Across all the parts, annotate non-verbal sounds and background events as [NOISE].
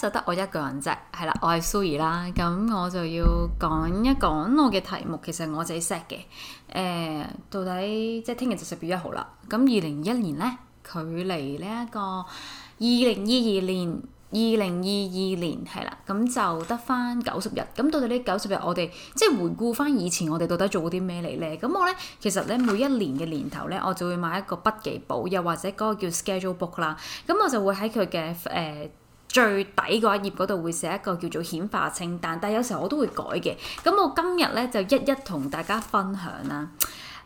就得我一個人啫，係啦，我係 u 兒啦，咁我就要講一講我嘅題目，其實我自己 set 嘅，誒、呃，到底即係聽日就十月一號啦，咁二零一年呢，距離呢一個二零二二年，二零二二年係啦，咁就得翻九十日，咁到底呢九十日我哋即係回顧翻以前我哋到底做過啲咩嚟呢？咁我呢，其實呢每一年嘅年頭呢，我就會買一個筆記簿，又或者嗰個叫 schedule book 啦，咁我就會喺佢嘅誒。呃最底嗰頁嗰度會寫一個叫做顯化清單，但係有時候我都會改嘅。咁我今日咧就一一同大家分享啦。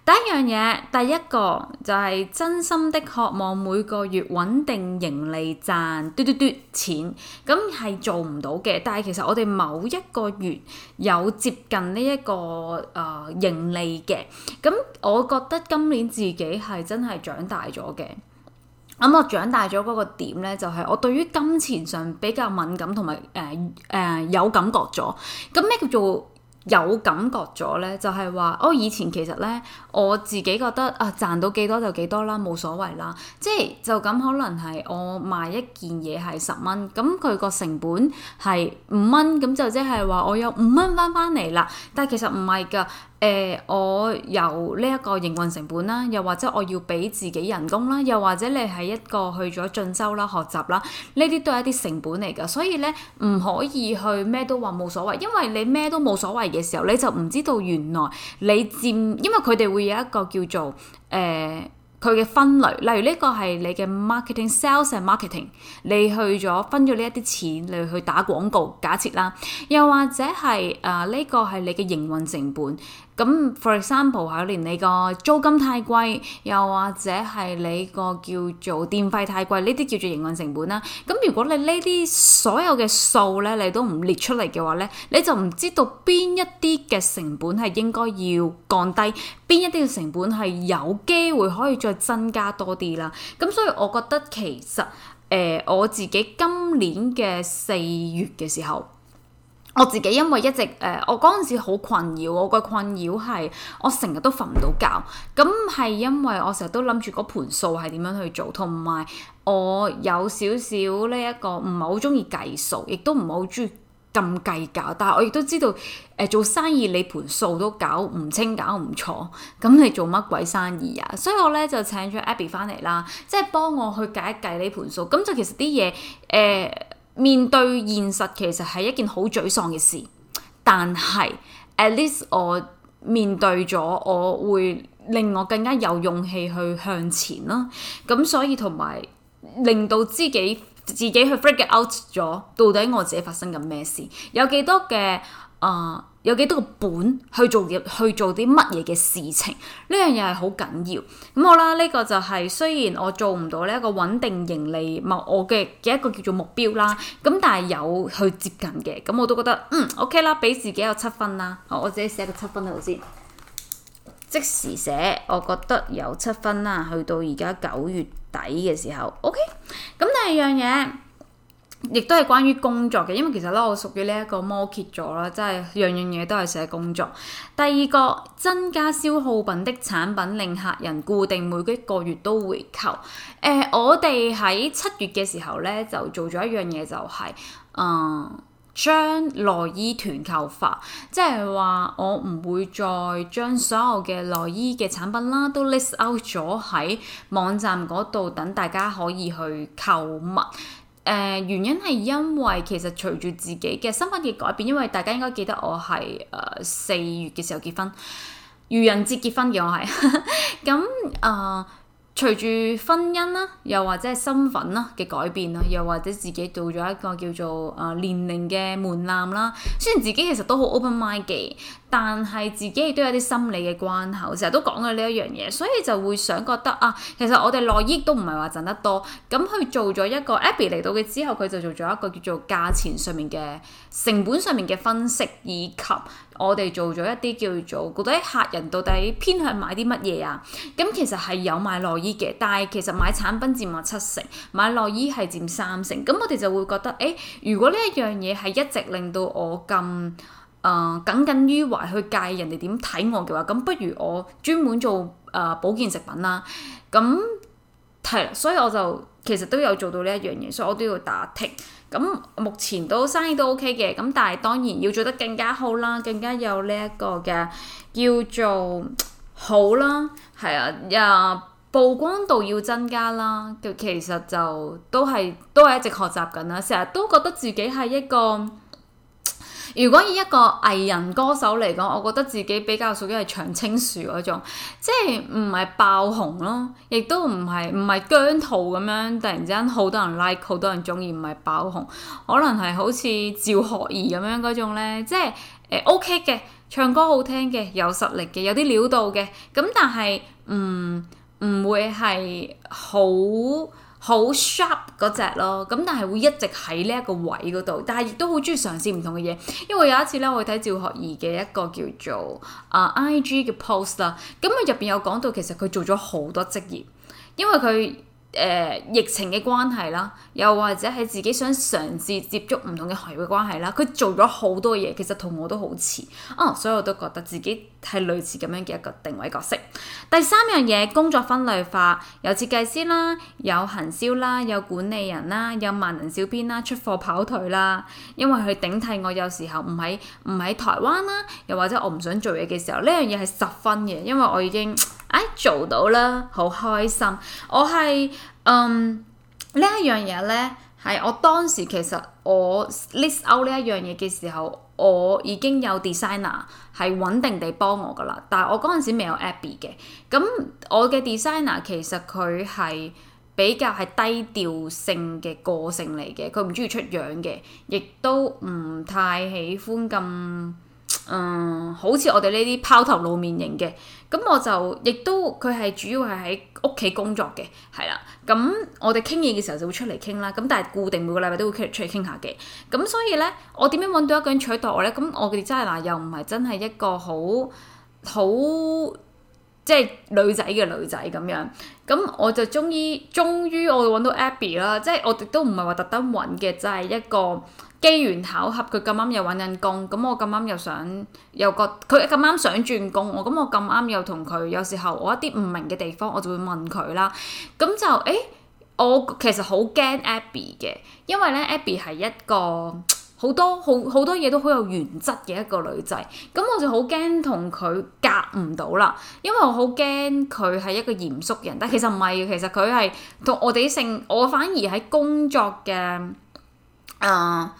第一樣嘢，第一個就係、是、真心的渴望每個月穩定盈利賺嘟嘟嘟錢，咁係做唔到嘅。但係其實我哋某一個月有接近呢、這、一個誒、呃、盈利嘅，咁我覺得今年自己係真係長大咗嘅。咁我長大咗嗰個點呢，就係我對於金錢上比較敏感同埋誒誒有感覺咗。咁咩叫做有感覺咗呢？就係話，我、哦、以前其實呢，我自己覺得啊，賺到幾多就幾多啦，冇所謂啦。即係就咁可能係我賣一件嘢係十蚊，咁佢個成本係五蚊，咁就即係話我有五蚊翻返嚟啦。但係其實唔係㗎。誒、呃，我由呢一個營運成本啦，又或者我要俾自己人工啦，又或者你係一個去咗進修啦、學習啦，呢啲都係一啲成本嚟㗎，所以咧唔可以去咩都話冇所謂，因為你咩都冇所謂嘅時候，你就唔知道原來你佔，因為佢哋會有一個叫做誒佢嘅分類，例如呢個係你嘅 marketing sales and marketing，你去咗分咗呢一啲錢你去打廣告，假設啦，又或者係啊呢個係你嘅營運成本。咁，for example，係連你個租金太貴，又或者係你個叫做電費太貴，呢啲叫做營運成本啦。咁如果你呢啲所有嘅數咧，你都唔列出嚟嘅話咧，你就唔知道邊一啲嘅成本係應該要降低，邊一啲嘅成本係有機會可以再增加多啲啦。咁所以，我覺得其實誒、呃，我自己今年嘅四月嘅時候。我自己因為一直誒、呃，我嗰陣時好困擾，我個困擾係我成日都瞓唔到覺，咁係因為我成日都諗住嗰盤數係點樣去做，同埋我有少少呢、這、一個唔係好中意計數，亦都唔係好中意咁計較，但係我亦都知道誒、呃，做生意你盤數都搞唔清搞唔錯，咁你做乜鬼生意啊？所以我咧就請咗 Abby 翻嚟啦，即、就、係、是、幫我去計一計呢盤數，咁就其實啲嘢誒。呃面對現實其實係一件好沮喪嘅事，但係 at least 我面對咗，我會令我更加有勇氣去向前囉。咁所以同埋令到自己自己去 freak out 咗，到底我自己發生緊咩事？有幾多嘅？啊，uh, 有幾多個本去做嘢，去做啲乜嘢嘅事情？呢樣嘢係好緊要。咁好啦，呢、這個就係、是、雖然我做唔到呢一個穩定盈利，我嘅嘅一個叫做目標啦。咁但係有去接近嘅，咁我都覺得嗯 OK 啦，俾自己有七分啦。我我自己寫個七分喺度先，即時寫。我覺得有七分啦。去到而家九月底嘅時候，OK。咁第二樣嘢。亦都係關於工作嘅，因為其實咧，我屬於呢一個摩羯座啦，即係樣樣嘢都係寫工作。第二個，增加消耗品的產品令客人固定每個月都回購。誒、呃，我哋喺七月嘅時候咧，就做咗一樣嘢、就是，就係誒將內衣團購法，即係話我唔會再將所有嘅內衣嘅產品啦，都 list out 咗喺網站嗰度，等大家可以去購物。誒、uh, 原因係因為其實隨住自己嘅身份嘅改變，因為大家應該記得我係誒四月嘅時候結婚，愚人節結婚嘅，我係，咁 [LAUGHS] 誒、嗯。Uh 隨住婚姻啦，又或者係身份啦嘅改變啦，又或者自己做咗一個叫做誒、呃、年齡嘅門檻啦。雖然自己其實都好 open mind 嘅，但係自己亦都有啲心理嘅關口。成日都講嘅呢一樣嘢，所以就會想覺得啊，其實我哋內衣都唔係話賺得多。咁佢做咗一個 [MUSIC] Abby 嚟到嘅之後，佢就做咗一個叫做價錢上面嘅成本上面嘅分析，以及我哋做咗一啲叫做嗰啲客人到底偏向買啲乜嘢啊。咁其實係有買內衣嘅，但係其實買產品佔我七成，買內衣係佔三成，咁我哋就會覺得誒、欸，如果呢一樣嘢係一直令到我咁誒、呃、耿耿於懷，去介人哋點睇我嘅話，咁不如我專門做誒、呃、保健食品啦。咁係，所以我就其實都有做到呢一樣嘢，所以我都要打剔。咁目前都生意都 OK 嘅，咁但係當然要做得更加好啦，更加有呢一個嘅叫做好啦，係啊，又、啊。曝光度要增加啦，佢其實就都係都係一直學習緊啦。成日都覺得自己係一個，如果以一個藝人歌手嚟講，我覺得自己比較屬於係長青樹嗰種，即係唔係爆紅咯，亦都唔係唔係姜濤咁樣，突然之間好多人 like，好多人中意，唔係爆紅，可能係好似趙學而咁樣嗰種呢，即係誒、呃、OK 嘅，唱歌好聽嘅，有實力嘅，有啲料到嘅，咁但係嗯。唔會係好好 sharp 嗰隻咯，咁但係會一直喺呢一個位嗰度，但係亦都好中意嘗試唔同嘅嘢。因為有一次咧，我睇趙學而嘅一個叫做、uh, IG 嘅 post 啦，咁佢入邊有講到其實佢做咗好多職業，因為佢誒、uh, 疫情嘅關係啦，又或者係自己想嘗試接觸唔同嘅行業嘅關係啦，佢做咗好多嘢，其實同我都好似啊，所以我都覺得自己。係類似咁樣嘅一個定位角色。第三樣嘢，工作分類化，有設計師啦，有行銷啦，有管理人啦，有萬能小編啦，出貨跑腿啦。因為佢頂替我，有時候唔喺唔喺台灣啦，又或者我唔想做嘢嘅時候，呢樣嘢係十分嘅，因為我已經哎做到啦，好開心。我係嗯呢一樣嘢呢。係，我當時其實我 list out 呢一樣嘢嘅時候，我已經有 designer 係穩定地幫我噶啦。但係我嗰陣時未有 Abby 嘅。咁我嘅 designer 其實佢係比較係低調性嘅個性嚟嘅，佢唔中意出樣嘅，亦都唔太喜歡咁，嗯，好似我哋呢啲拋頭露面型嘅。咁我就亦都佢係主要係喺。屋企工作嘅，係啦，咁我哋傾嘢嘅時候就會出嚟傾啦，咁但係固定每個禮拜都會出嚟出嚟傾下嘅，咁所以呢，我點樣揾到一個人取代我呢？咁我哋真係嗱，又唔係真係一個好好即係女仔嘅女仔咁樣，咁我就終於終於我揾到 Abby 啦，即係我哋都唔係話特登揾嘅，就係、是、一個。機緣巧合，佢咁啱又揾緊工，咁我咁啱又想又覺佢咁啱想轉工我，咁我咁啱又同佢。有時候我一啲唔明嘅地方，我就會問佢啦。咁就誒、欸，我其實好驚 Abby 嘅，因為咧 Abby 係一個好多好好多嘢都好有原則嘅一個女仔。咁我就好驚同佢夾唔到啦，因為我好驚佢係一個嚴肅人，但其實唔係，其實佢係同我哋性，我反而喺工作嘅誒。呃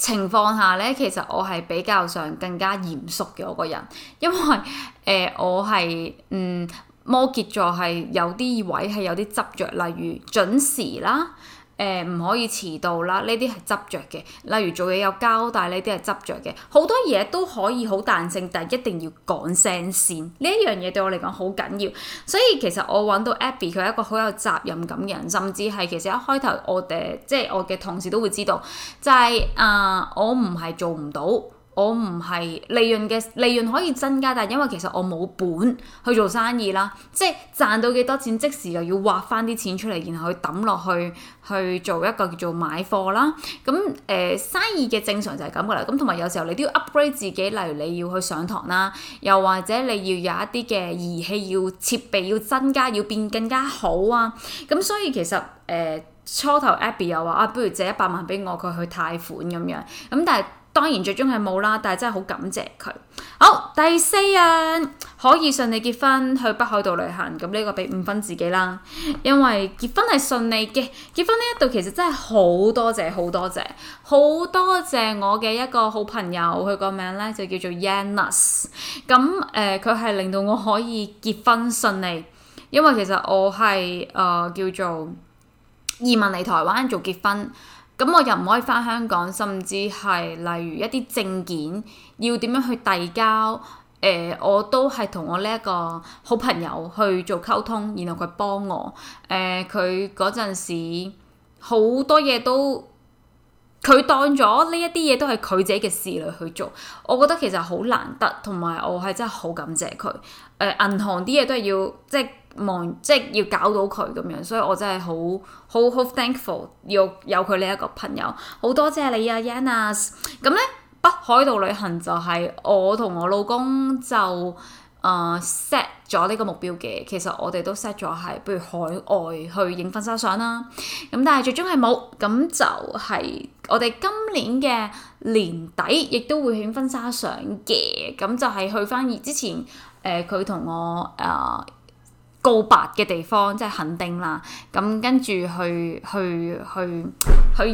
情況下呢，其實我係比較上更加嚴肅嘅嗰個人，因為誒、呃、我係嗯摩羯座係有啲位係有啲執著，例如準時啦。誒唔、呃、可以遲到啦，呢啲係執着嘅。例如做嘢有交代，呢啲係執着嘅。好多嘢都可以好彈性，但係一定要講聲先。呢一樣嘢對我嚟講好緊要。所以其實我揾到 Abby 佢係一個好有責任感嘅人，甚至係其實一開頭我哋即係我嘅、就係、同事都會知道，就係、係、啊、呃、我唔係做唔到。我唔係利潤嘅利潤可以增加，但係因為其實我冇本去做生意啦，即係賺到幾多錢，即時又要挖翻啲錢出嚟，然後去抌落去去做一個叫做買貨啦。咁誒、呃、生意嘅正常就係咁噶啦。咁同埋有時候你都要 upgrade 自己，例如你要去上堂啦，又或者你要有一啲嘅儀器要設備要增加，要變更加好啊。咁所以其實誒、呃、初頭 Abby 又話啊，不如借一百萬俾我，佢去貸款咁樣。咁但係。當然最終係冇啦，但係真係好感謝佢。好，第四樣可以順利結婚去北海道旅行，咁呢個俾五分自己啦，因為結婚係順利嘅。結婚呢一度其實真係好多謝好多謝好多謝我嘅一個好朋友，佢個名呢就叫做 Yannus。咁、呃、誒，佢係令到我可以結婚順利，因為其實我係誒、呃、叫做移民嚟台灣做結婚。咁我又唔可以翻香港，甚至係例如一啲證件要點樣去遞交，誒、呃、我都係同我呢一個好朋友去做溝通，然後佢幫我，誒佢嗰陣時好多嘢都佢當咗呢一啲嘢都係佢自己嘅事嚟去做，我覺得其實好難得，同埋我係真係好感謝佢。誒、呃、銀行啲嘢都係要即。望即係要搞到佢咁樣，所以我真係好好好 thankful，要有佢呢一個朋友，好多謝你啊，Yannas。咁呢北海道旅行就係我同我老公就 set 咗呢個目標嘅。其實我哋都 set 咗係，不如海外去影婚紗相啦。咁但係最終係冇，咁就係我哋今年嘅年底亦都會影婚紗相嘅。咁就係去翻之前誒佢同我誒。呃告白嘅地方，即係肯定啦。咁、嗯、跟住去去去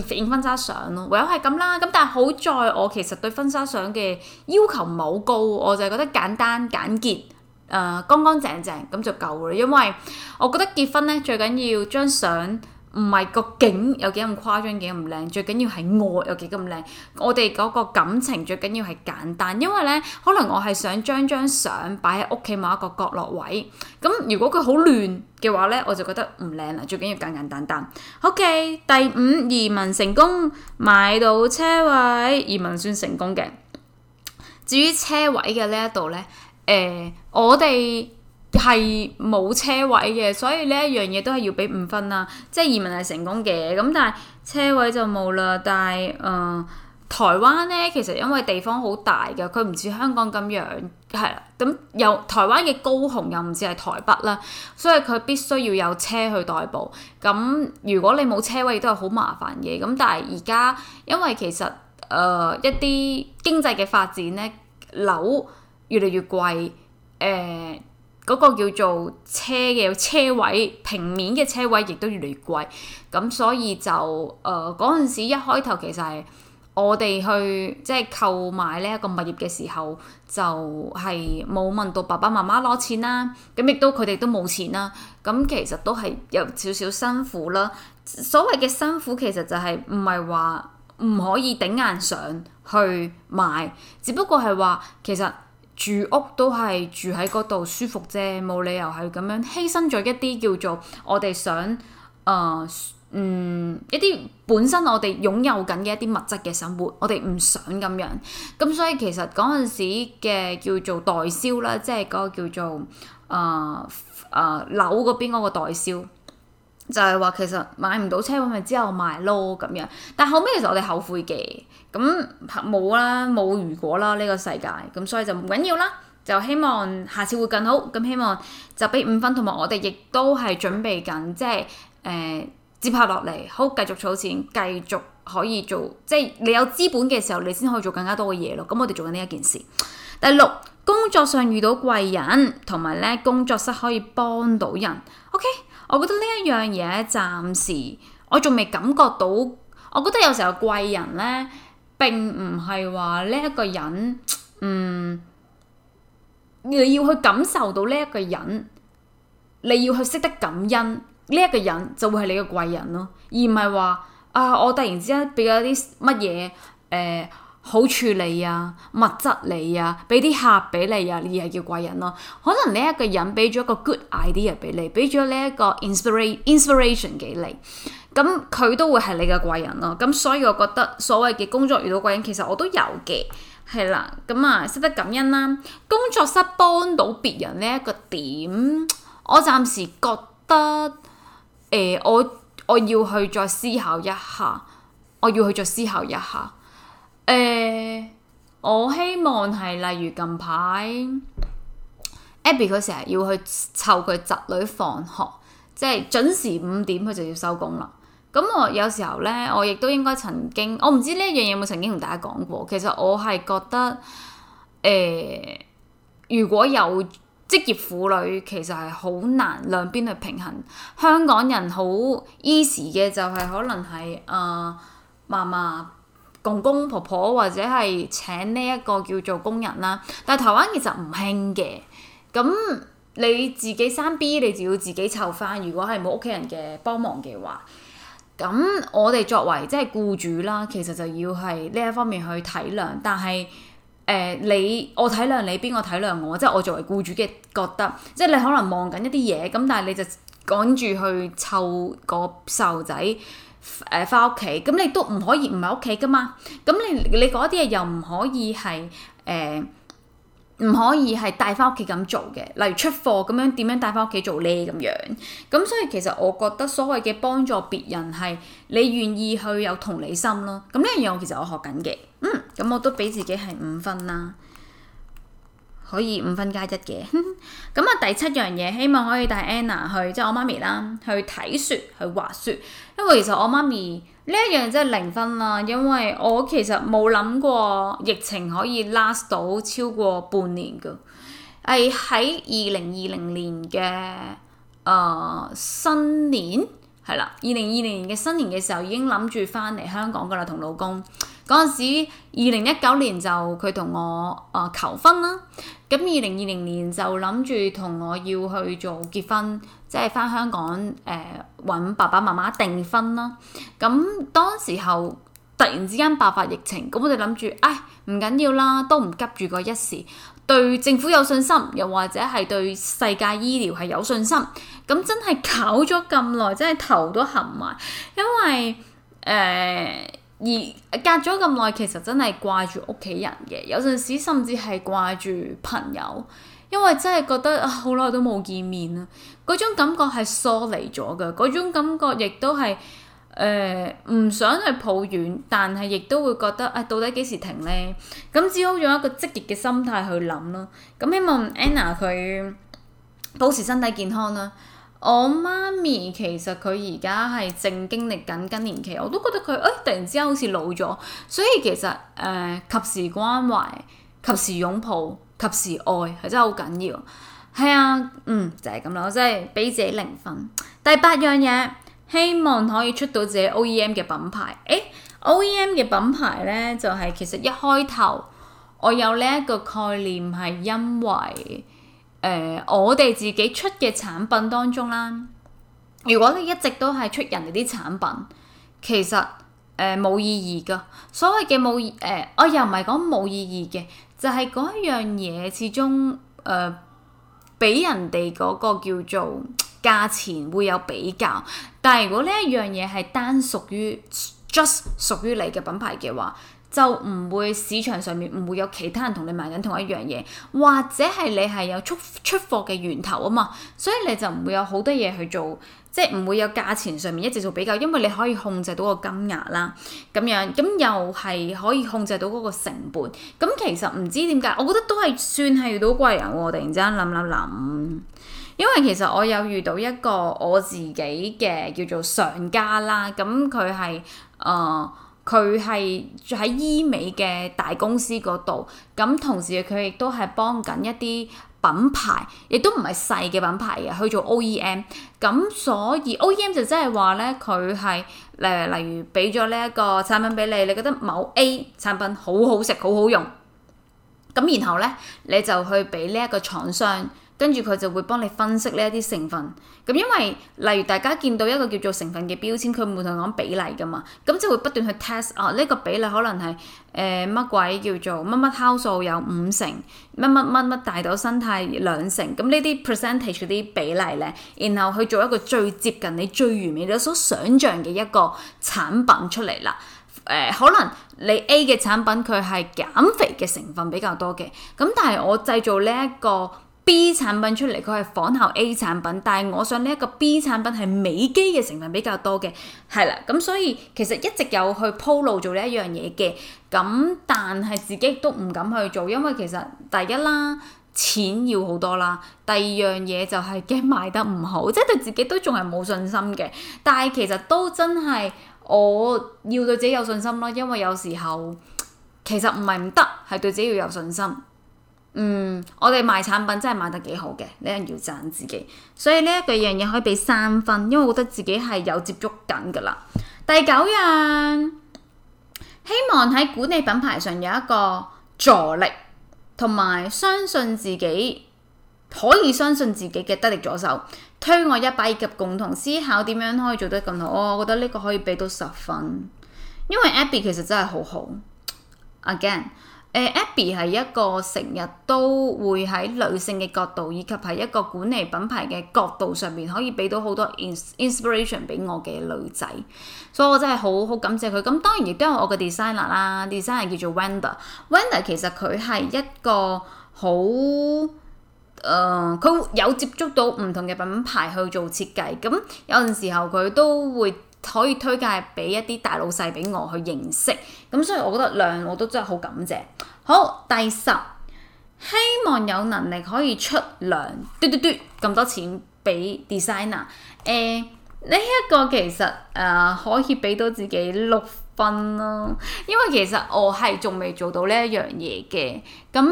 去影婚紗相咯，唯有係咁啦。咁但係好在我其實對婚紗相嘅要求唔係好高，我就係覺得簡單簡潔，誒、呃，乾乾淨淨，咁就夠啦。因為我覺得結婚咧最緊要張相。唔係個景有幾咁誇張，幾咁靚，最緊要係愛有幾咁靚。我哋嗰個感情最緊要係簡單，因為呢，可能我係想將張相擺喺屋企某一個角落位。咁如果佢好亂嘅話呢，我就覺得唔靚啦。最緊要簡簡單單。OK，第五，移民成功買到車位，移民算成功嘅。至於車位嘅呢一度呢，誒，我哋。係冇車位嘅，所以呢一樣嘢都係要俾五分啦。即移民係成功嘅，咁但係車位就冇啦。但係誒、呃，台灣呢，其實因為地方好大㗎，佢唔似香港咁樣係啦。咁又台灣嘅高雄又唔似係台北啦，所以佢必須要有車去代步。咁如果你冇車位亦都係好麻煩嘅。咁但係而家因為其實誒、呃、一啲經濟嘅發展呢，樓越嚟越貴，誒、呃。嗰個叫做車嘅車位，平面嘅車位亦都越嚟越貴，咁所以就誒嗰陣時一開頭其實係我哋去即係、就是、購買呢一個物業嘅時候，就係、是、冇問到爸爸媽媽攞錢啦，咁亦都佢哋都冇錢啦，咁其實都係有少少辛苦啦。所謂嘅辛苦其實就係唔係話唔可以頂硬上去買，只不過係話其實。住屋都係住喺嗰度舒服啫，冇理由係咁樣犧牲咗一啲叫做我哋想誒、呃、嗯一啲本身我哋擁有緊嘅一啲物質嘅生活，我哋唔想咁樣。咁所以其實嗰陣時嘅叫做代銷啦，即係嗰個叫做誒誒樓嗰邊嗰個代銷。就係話其實買唔到車位咪之後賣咯咁樣，但後尾其實我哋後悔嘅，咁冇啦冇如果啦呢個世界，咁所以就唔緊要啦，就希望下次會更好，咁希望就俾五分，同埋我哋亦都係準備緊，即係誒、呃、接下落嚟，好繼續儲錢，繼續可以做，即係你有資本嘅時候，你先可以做更加多嘅嘢咯。咁我哋做緊呢一件事，第六工作上遇到貴人，同埋咧工作室可以幫到人。OK。我覺得呢一樣嘢，暫時我仲未感覺到。我覺得有時候貴人呢，並唔係話呢一個人，嗯，你要去感受到呢一個人，你要去識得感恩呢一個人就會係你嘅貴人咯，而唔係話啊我突然之間俾咗啲乜嘢誒。呃好處理啊，物質你啊，俾啲客俾你啊，你係叫貴人咯。可能呢一個人俾咗一個 good idea 俾你，俾咗呢一個 inspire inspiration 俾你，咁佢都會係你嘅貴人咯。咁所以我覺得所謂嘅工作遇到貴人，其實我都有嘅，係啦。咁啊，識得感恩啦，工作室幫到別人呢一個點，我暫時覺得，誒、欸，我我要去再思考一下，我要去再思考一下。誒，uh, 我希望係例如近排 Abby 佢成日要去湊佢侄女放學，即係準時五點佢就要收工啦。咁我有時候呢，我亦都應該曾經，我唔知呢一樣嘢有冇曾經同大家講過。其實我係覺得誒，uh, 如果有職業婦女，其實係好難兩邊去平衡。香港人好 easy 嘅就係可能係啊，嫲嫲公公婆婆或者係請呢一個叫做工人啦，但係台灣其實唔興嘅。咁你自己生 B，你就要自己湊返。如果係冇屋企人嘅幫忙嘅話，咁我哋作為即係僱主啦，其實就要係呢一方面去體諒。但係誒、呃，你我體諒你，邊個體諒我？即係我作為僱主嘅覺得，即係你可能望緊一啲嘢，咁但係你就趕住去湊個細路仔。誒，翻屋企咁你都唔可以唔喺屋企噶嘛？咁你你嗰啲嘢又唔可以係誒，唔可以係帶翻屋企咁做嘅。例如出貨咁樣，點樣帶翻屋企做呢？咁樣咁，所以其實我覺得所謂嘅幫助別人係你願意去有同理心咯。咁呢樣嘢我其實我學緊嘅，嗯，咁我都俾自己係五分啦。可以五分加一嘅、 [LAUGHS] 嗯，咁啊第七樣嘢希望可以帶 Anna 去，即、就、係、是、我媽咪啦，去睇雪，去滑雪。因為其實我媽咪呢一樣真係零分啦，因為我其實冇諗過疫情可以 last 到超過半年噶。係喺二零二零年嘅誒、呃、新年，係啦，二零二零年嘅新年嘅時候已經諗住翻嚟香港噶啦，同老公。嗰陣時，二零一九年就佢同我啊、呃、求婚啦。咁二零二零年就諗住同我要去做結婚，即係返香港誒揾、呃、爸爸媽媽訂婚啦。咁當時候突然之間爆發疫情，咁我哋諗住唉，唔緊要啦，都唔急住嗰一時，對政府有信心，又或者係對世界醫療係有信心。咁真係搞咗咁耐，真係頭都痕埋，因為誒。呃而隔咗咁耐，其實真係掛住屋企人嘅，有陣時甚至係掛住朋友，因為真係覺得好耐、啊、都冇見面啦，嗰種感覺係疏離咗㗎，嗰種感覺亦都係誒唔想去抱怨，但係亦都會覺得誒、啊、到底幾時停呢？咁只好用一個積極嘅心態去諗咯。咁希望 Anna 佢保持身體健康啦。我媽咪其實佢而家係正經歷緊更年期，我都覺得佢誒突然之間好似老咗，所以其實誒、呃、及時關懷、及時擁抱、及時愛係真係好緊要。係啊，嗯，就係咁咯，即係俾自己零分。第八樣嘢，希望可以出到自己 OEM 嘅品牌。誒，OEM 嘅品牌咧，就係、是、其實一開頭我有呢一個概念係因為。誒、呃，我哋自己出嘅產品當中啦，如果你一直都係出人哋啲產品，其實誒冇、呃、意義噶。所謂嘅冇誒，我又唔係講冇意義嘅，就係嗰一樣嘢始終誒、呃，俾人哋嗰個叫做價錢會有比較。但係如果呢一樣嘢係單屬於 just 屬於你嘅品牌嘅話，就唔會市場上面唔會有其他人同你賣緊同一樣嘢，或者係你係有出出貨嘅源頭啊嘛，所以你就唔會有好多嘢去做，即係唔會有價錢上面一直做比較，因為你可以控制到個金額啦，咁樣咁又係可以控制到嗰個成本。咁其實唔知點解，我覺得都係算係遇到貴人喎。我突然之間諗諗諗，因為其實我有遇到一個我自己嘅叫做上家啦，咁佢係誒。呃佢係住喺醫美嘅大公司嗰度，咁同時佢亦都係幫緊一啲品牌，亦都唔係細嘅品牌啊，去做 OEM。咁所以 OEM 就即係話咧，佢係誒例如俾咗呢一個產品俾你，你覺得某 A 產品好好食，好好用，咁然後咧你就去俾呢一個廠商。跟住佢就會幫你分析呢一啲成分，咁因為例如大家見到一個叫做成分嘅標籤，佢唔會同你講比例㗎嘛，咁就會不斷去 test 啊呢、這個比例可能係誒乜鬼叫做乜乜酵素有五成，乜乜乜乜大豆生態兩成，咁呢啲 percentage 啲比例咧，然後去做一個最接近你最完美你所想像嘅一個產品出嚟啦。誒、啊、可能你 A 嘅產品佢係減肥嘅成分比較多嘅，咁但係我製造呢、這、一個 B 產品出嚟，佢係仿效 A 產品，但係我想呢一個 B 產品係美肌嘅成分比較多嘅，係啦，咁所以其實一直有去鋪路做呢一樣嘢嘅，咁但係自己都唔敢去做，因為其實第一啦，錢要好多啦，第二樣嘢就係驚賣得唔好，即係對自己都仲係冇信心嘅。但係其實都真係我要對自己有信心咯，因為有時候其實唔係唔得，係對自己要有信心。嗯，我哋賣產品真係賣得幾好嘅，你一定要讚自己。所以呢一樣嘢可以俾三分，因為我覺得自己係有接觸緊噶啦。第九樣，希望喺管理品牌上有一個助力，同埋相信自己，可以相信自己嘅得力助手，推我一把及共同思考點樣可以做得更好。哦，我覺得呢個可以俾到十分，因為 Abby 其實真係好好。Again。Uh, Abby 係一個成日都會喺女性嘅角度，以及係一個管理品牌嘅角度上面可以俾到好多 inspiration 俾我嘅女仔，所以我真係好好感謝佢。咁當然亦都有我嘅 designer 啦，designer 叫做 Wenda。Wenda 其實佢係一個好誒，佢、呃、有接觸到唔同嘅品牌去做設計，咁有陣時候佢都會。可以推介俾一啲大老細俾我去認識，咁所以我覺得量我都真係好感謝。好，第十，希望有能力可以出糧，嘟嘟嘟咁多錢俾 designer。誒，呢一個其實誒可以俾到自己六分咯，因為其實我係仲未做到呢一樣嘢嘅。咁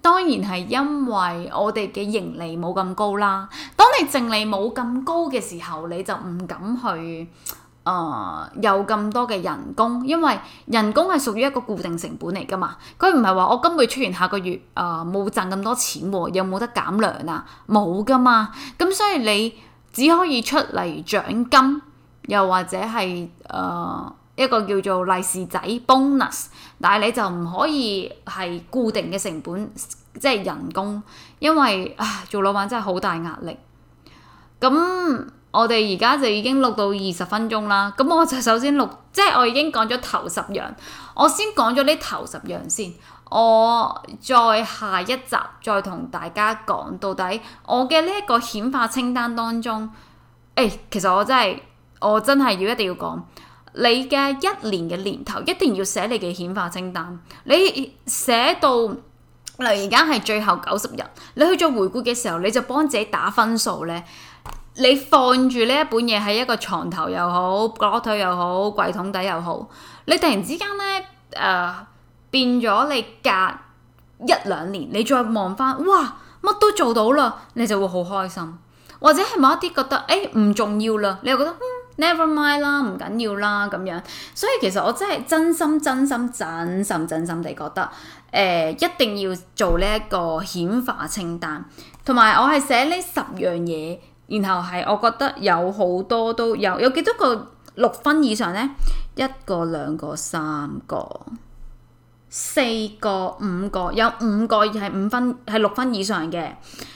當然係因為我哋嘅盈利冇咁高啦。當你淨利冇咁高嘅時候，你就唔敢去。誒、呃、有咁多嘅人工，因為人工係屬於一個固定成本嚟噶嘛，佢唔係話我今個月出完下個月誒冇，呃、賺咁多錢，啊，有冇得減糧啊，冇噶嘛。咁所以你只可以出嚟獎金，又或者係誒、呃、一個叫做利是仔 bonus，但係你就唔可以係固定嘅成本，即、就、係、是、人工，因為、呃、做老闆真係好大壓力。咁我哋而家就已經錄到二十分鐘啦，咁我就首先錄，即係我已經講咗頭十樣，我先講咗呢頭十樣先，我再下一集再同大家講到底我嘅呢一個顯化清單當中，誒、欸，其實我真係我真係要一定要講，你嘅一年嘅年頭一定要寫你嘅顯化清單，你寫到，例如而家係最後九十日，你去咗回顧嘅時候，你就幫自己打分數呢。你放住呢一本嘢喺一個床頭又好，角落又好，櫃桶底又好。你突然之間呢，誒、呃，變咗你隔一兩年，你再望翻，哇，乜都做到嘞，你就會好開心。或者係某一啲覺得，誒、哎，唔重要嘞，你又覺得嗯，never 嗯 mind 啦，唔緊要啦，咁樣。所以其實我真係真心真心真心真心地覺得，誒、呃，一定要做呢一個顯化清單，同埋我係寫呢十樣嘢。然後係，我覺得有好多都有有幾多個六分以上呢，一個、兩個、三個、四個、五個，有五個係五分，係六分以上嘅。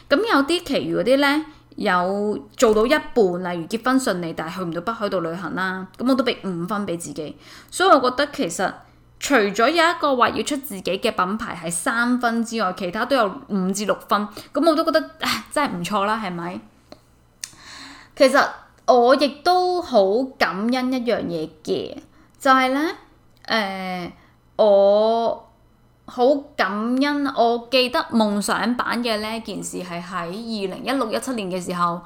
咁有啲其餘嗰啲呢，有做到一半，例如結婚順利，但係去唔到北海道旅行啦。咁我都俾五分俾自己，所以我覺得其實除咗有一個話要出自己嘅品牌係三分之外，其他都有五至六分。咁我都覺得唉，真係唔錯啦，係咪？其實我亦都好感恩一樣嘢嘅，就係、是、呢，誒、呃，我好感恩。我記得夢想版嘅呢件事係喺二零一六一七年嘅時候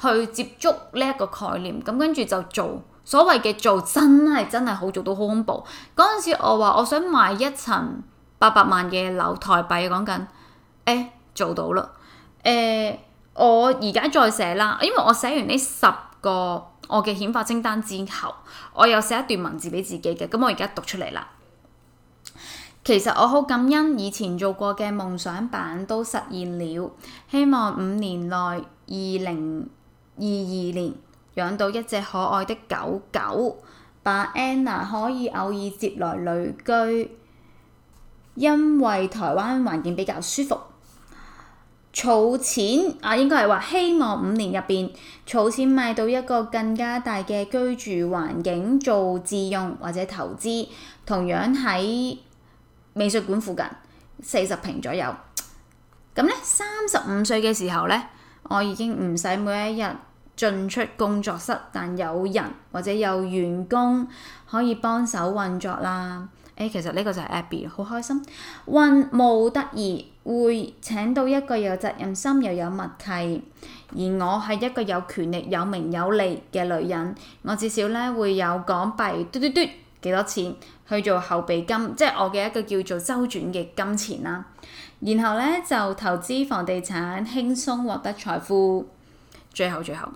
去接觸呢一個概念，咁跟住就做所謂嘅做，真係真係好做到好恐怖。嗰陣時我話我想買一層八百萬嘅樓，台幣，講緊，誒、欸、做到嘞。誒、呃。我而家再寫啦，因為我寫完呢十個我嘅顯化清單之後，我又寫一段文字俾自己嘅，咁我而家讀出嚟啦。其實我好感恩以前做過嘅夢想版都實現了，希望五年內二零二二年養到一隻可愛的狗狗，把 Anna 可以偶爾接來旅居，因為台灣環境比較舒服。儲錢啊，應該係話希望五年入面儲錢買到一個更加大嘅居住環境做自用或者投資。同樣喺美術館附近，四十平左右。咁咧，三十五歲嘅時候咧，我已經唔使每一日進出工作室，但有人或者有員工可以幫手運作啦。誒，其實呢個就係 Abby，好開心。運無得而會請到一個有責任心又有默契，而我係一個有權力、有名有利嘅女人。我至少咧會有港幣嘟嘟嘟幾多錢去做後備金，即係我嘅一個叫做週轉嘅金錢啦。然後咧就投資房地產，輕鬆獲得財富。最後，最後。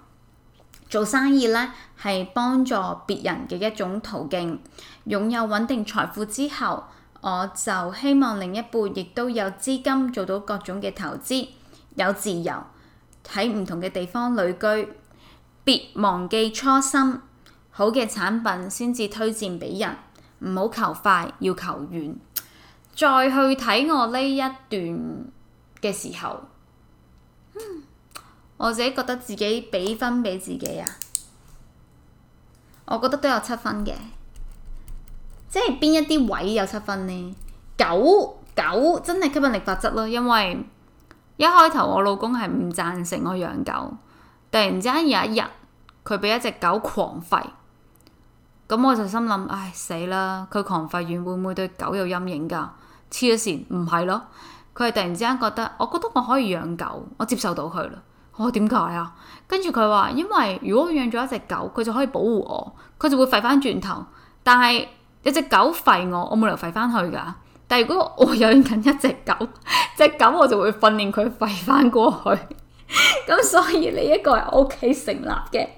做生意呢，係幫助別人嘅一種途徑。擁有穩定財富之後，我就希望另一半亦都有資金做到各種嘅投資，有自由喺唔同嘅地方旅居。別忘記初心，好嘅產品先至推薦俾人，唔好求快，要求遠。再去睇我呢一段嘅時候。嗯我自己覺得自己俾分俾自己啊，我覺得都有七分嘅，即係邊一啲位有七分呢？狗狗真係吸引力法則咯，因為一開頭我老公係唔贊成我養狗，突然之間有一日佢俾一隻狗狂吠，咁我就心諗，唉死啦！佢狂吠完會唔會對狗有陰影噶？黐咗線唔係咯，佢係突然之間覺得，我覺得我可以養狗，我接受到佢啦。我點解啊？跟住佢話，因為如果我養咗一隻狗，佢就可以保護我，佢就會吠翻轉頭。但係一隻狗吠我，我冇理由吠翻去噶。但係如果我養緊一隻狗，隻狗我就會訓練佢吠翻過去。咁 [LAUGHS] 所以你一個喺屋企成立嘅，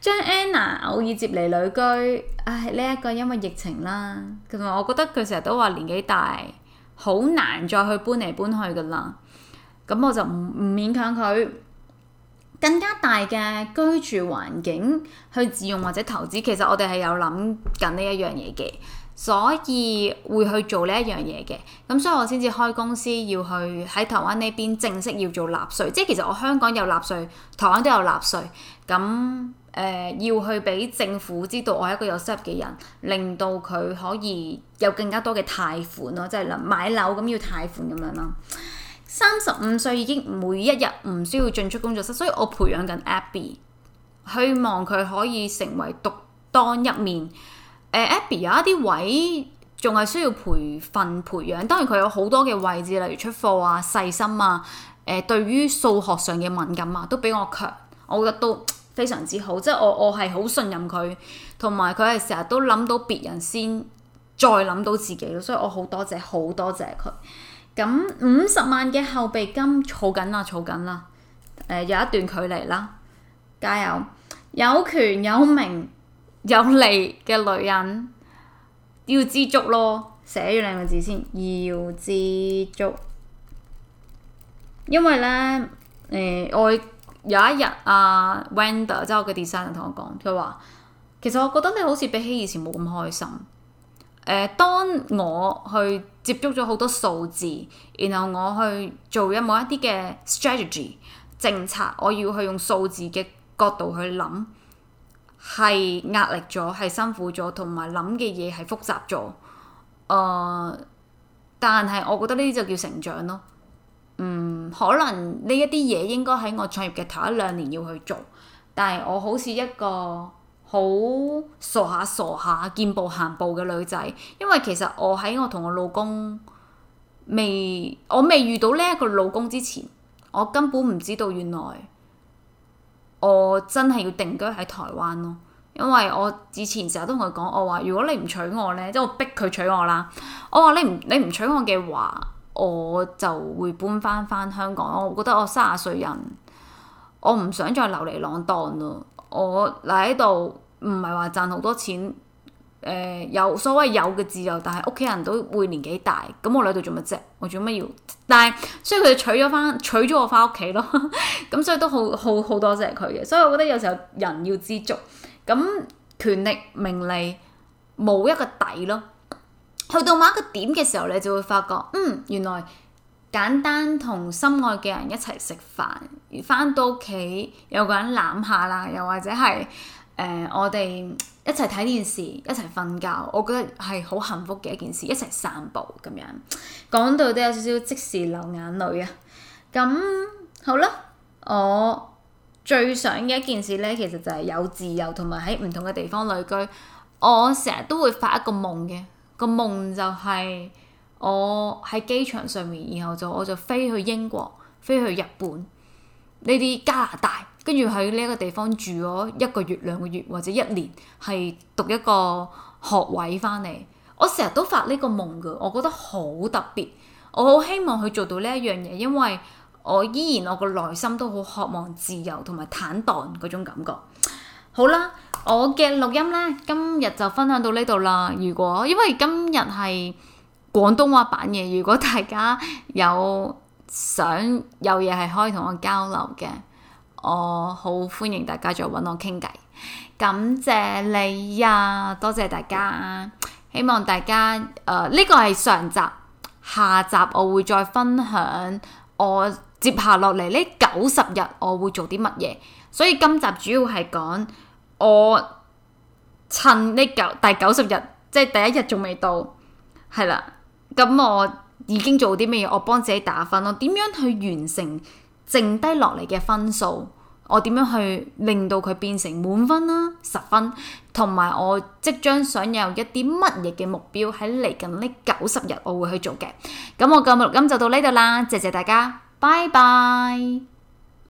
將 [LAUGHS] Anna 偶爾接嚟旅居，唉、哎，呢、這、一個因為疫情啦，同埋我覺得佢成日都話年紀大，好難再去搬嚟搬去噶啦。咁我就唔唔勉強佢。更加大嘅居住環境去自用或者投資，其實我哋係有諗緊呢一樣嘢嘅，所以會去做呢一樣嘢嘅。咁所以我先至開公司，要去喺台灣呢邊正式要做納稅。即係其實我香港有納稅，台灣都有納稅。咁誒、呃、要去俾政府知道我係一個有收入嘅人，令到佢可以有更加多嘅貸款咯，即係買樓咁要貸款咁樣咯。三十五歲已經每一日唔需要進出工作室，所以我培養緊 Abby，希望佢可以成為獨當一面。誒，Abby 有一啲位仲係需要培訓培養，當然佢有好多嘅位置，例如出貨啊、細心啊、誒、對於數學上嘅敏感啊，都比我強，我覺得都非常之好。即係我我係好信任佢，同埋佢係成日都諗到別人先再諗到自己咯，所以我好多謝好多謝佢。咁五十萬嘅後備金儲緊啦，儲緊啦，誒、呃、有一段距離啦，加油！有權有名 [LAUGHS] 有利嘅女人要知足咯，寫咗兩個字先，要知足。因為呢，誒、呃、我有一日阿 Wenda 即係我嘅 designer 同我講，佢話其實我覺得你好似比起以前冇咁開心。誒、呃，當我去。接觸咗好多數字，然後我去做一某一啲嘅 strategy 政策，我要去用數字嘅角度去諗，係壓力咗，係辛苦咗，同埋諗嘅嘢係複雜咗。誒、呃，但係我覺得呢啲就叫成長咯。嗯，可能呢一啲嘢應該喺我創業嘅頭一兩年要去做，但係我好似一個。好傻下傻下，見步行步嘅女仔，因為其實我喺我同我老公未，我未遇到呢一個老公之前，我根本唔知道原來我真係要定居喺台灣咯。因為我之前成日都同佢講，我話如果你唔娶我呢，即係我逼佢娶我啦。我話你唔你唔娶我嘅話，我就會搬翻翻香港。我覺得我三十歲人，我唔想再流離浪蕩咯。我嚟喺度唔係話賺好多錢，誒、呃、有所謂有嘅自由，但係屋企人都會年紀大，咁我喺度做乜啫？我做乜要？但係所以佢哋娶咗翻，娶咗我翻屋企咯，咁 [LAUGHS] 所以都好好好多謝佢嘅。所以我覺得有時候人要知足，咁權力名利冇一個底咯，去到某一個點嘅時候，你就會發覺，嗯，原來。簡單同心愛嘅人一齊食飯，返到屋企有個人攬下啦，又或者係誒、呃、我哋一齊睇電視、一齊瞓覺，我覺得係好幸福嘅一件事。一齊散步咁樣，講到都有少少即時流眼淚啊！咁好啦，我最想嘅一件事呢，其實就係有自由有同埋喺唔同嘅地方旅居。我成日都會發一個夢嘅，個夢就係、是。我喺機場上面，然後就我就飛去英國、飛去日本呢啲加拿大，跟住喺呢一個地方住咗一個月、兩個月或者一年，係讀一個學位翻嚟。我成日都發呢個夢㗎，我覺得好特別。我好希望去做到呢一樣嘢，因為我依然我個內心都好渴望自由同埋坦蕩嗰種感覺。好啦，我嘅錄音呢，今日就分享到呢度啦。如果因為今日係。廣東話版嘅，如果大家有想有嘢係可以同我交流嘅，我好歡迎大家再揾我傾偈。感謝你呀、啊，多謝大家。希望大家誒、呢、呃，呢個係上集，下集我會再分享。我接下落嚟呢九十日我會做啲乜嘢？所以今集主要係講我趁呢九第九十日，即係第一日仲未到，係啦。咁我已經做啲咩嘢？我幫自己打分咯。點樣去完成剩低落嚟嘅分數？我點樣去令到佢變成滿分啦、十分？同埋我即將想有一啲乜嘢嘅目標喺嚟緊呢九十日我會去做嘅。咁我今日錄音就到呢度啦，謝謝大家，拜拜。